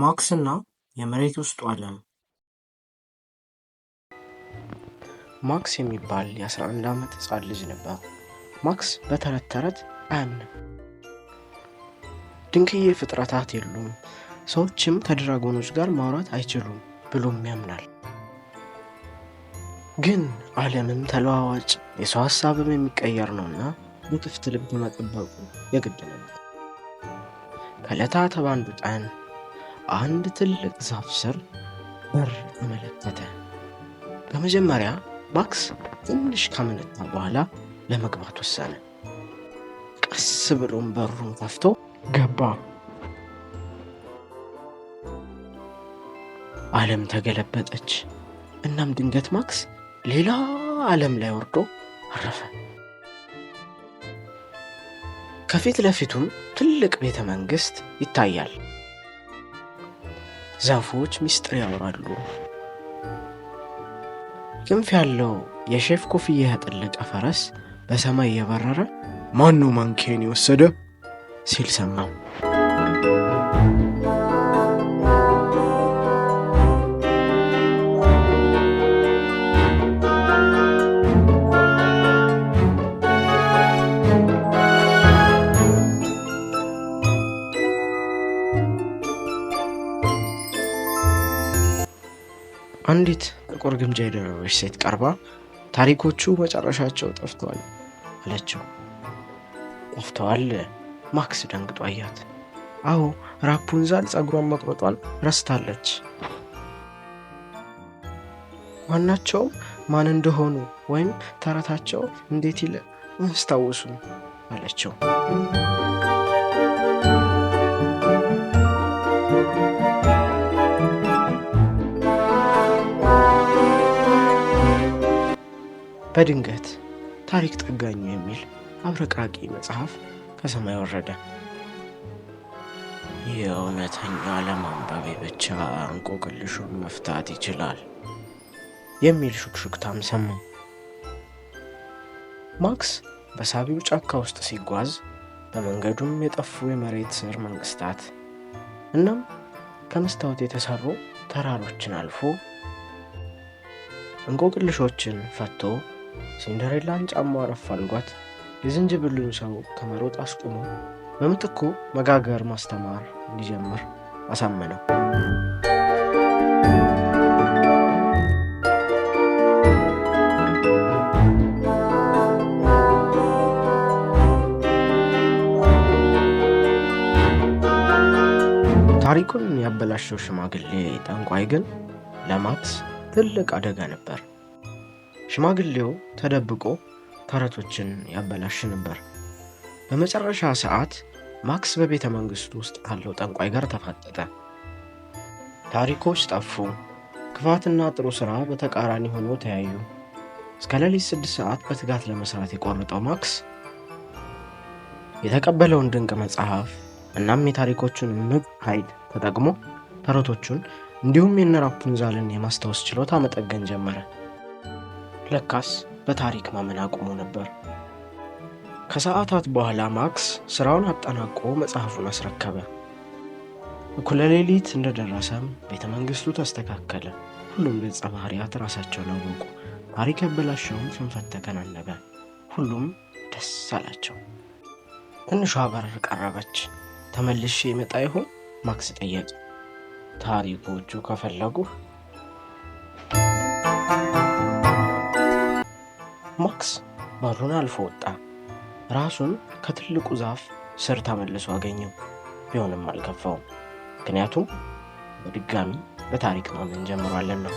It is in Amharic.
ማክስና የመሬት ውስጥ ዓለም ማክስ የሚባል የ11 ዓመት ህፃን ልጅ ነበር። ማክስ በተረት ተረት አያምንም። ድንቅዬ ፍጥረታት የሉም፣ ሰዎችም ከድራጎኖች ጋር ማውራት አይችሉም ብሎም ያምናል። ግን ዓለምም ተለዋዋጭ፣ የሰው ሀሳብም የሚቀየር ነውና ንጥፍት ልብ መጠበቁ የግድ ነበር። ከለታ በአንዱ ቀን አንድ ትልቅ ዛፍ ስር በር ተመለከተ። በመጀመሪያ ማክስ ትንሽ ካመነታ በኋላ ለመግባት ወሰነ። ቀስ ብሎም በሩን ከፍቶ ገባ። ዓለም ተገለበጠች። እናም ድንገት ማክስ ሌላ ዓለም ላይ ወርዶ አረፈ። ከፊት ለፊቱም ትልቅ ቤተ መንግሥት ይታያል። ዛፎች ምስጢር ያወራሉ። ክንፍ ያለው የሼፍ ኮፍያ ያጠለቀ ፈረስ በሰማይ የበረረ ማን ነው ማንኪያን የወሰደ ሲል ሰማው። አንዲት ጥቁር ግምጃ የደረበች ሴት ቀርባ ታሪኮቹ መጨረሻቸው ጠፍተዋል አለችው። ጠፍተዋል? ማክስ ደንግጦ አያት። አዎ ራፑንዛል ጸጉሯን መቁረጧን ረስታለች። ዋናቸውም ማን እንደሆኑ ወይም ተረታቸው እንዴት ይለ አስታውሱም አለችው። በድንገት ታሪክ ጠጋኙ የሚል አብረቅራቂ መጽሐፍ ከሰማይ ወረደ። የእውነተኛ ለማንበቤ ብቻ እንቆቅልሹን መፍታት ይችላል የሚል ሹክሹክታም ሰማ። ማክስ በሳቢው ጫካ ውስጥ ሲጓዝ በመንገዱም የጠፉ የመሬት ስር መንግስታት እናም ከመስታወት የተሰሩ ተራሮችን አልፎ እንቆቅልሾችን ፈቶ ሲንደሬላን ጫማ ረፍ አድርጓት የዝንጅብሉን ሰው ከመሮጥ አስቁሞ በምትኩ መጋገር ማስተማር እንዲጀምር አሳመነው። ታሪኩን ያበላሸው ሽማግሌ ጠንቋይ ግን ለማት ትልቅ አደጋ ነበር። ሽማግሌው ተደብቆ ተረቶችን ያበላሽ ነበር። በመጨረሻ ሰዓት ማክስ በቤተ መንግሥቱ ውስጥ ካለው ጠንቋይ ጋር ተፋጠጠ። ታሪኮች ጠፉ። ክፋትና ጥሩ ሥራ በተቃራኒ ሆኖ ተያዩ። እስከ ሌሊት ስድስት ሰዓት በትጋት ለመስራት የቆረጠው ማክስ የተቀበለውን ድንቅ መጽሐፍ እናም የታሪኮቹን ምግብ ኃይል ተጠቅሞ ተረቶቹን እንዲሁም የነ ራፑንዛልን የማስታወስ ችሎታ መጠገን ጀመረ። ለካስ በታሪክ ማመን አቁሞ ነበር። ከሰዓታት በኋላ ማክስ ስራውን አጠናቆ መጽሐፉን አስረከበ። እኩለ ሌሊት እንደደረሰም ቤተ መንግስቱ ተስተካከለ። ሁሉም ገጸ ባህርያት ራሳቸውን አወቁ። ታሪክ ያበላሸውም ሽንፈት ተከናነበ። ሁሉም ደስ አላቸው። ትንሿ በር ቀረበች። ተመልሼ ይመጣ ይሆን? ማክስ ጠየቅ። ታሪኮቹ ከፈለጉ ማክስ በሩን አልፎ ወጣ። ራሱን ከትልቁ ዛፍ ስር ተመልሶ አገኘው። ቢሆንም አልከፋውም፣ ምክንያቱም በድጋሚ በታሪክ ማመን ነው።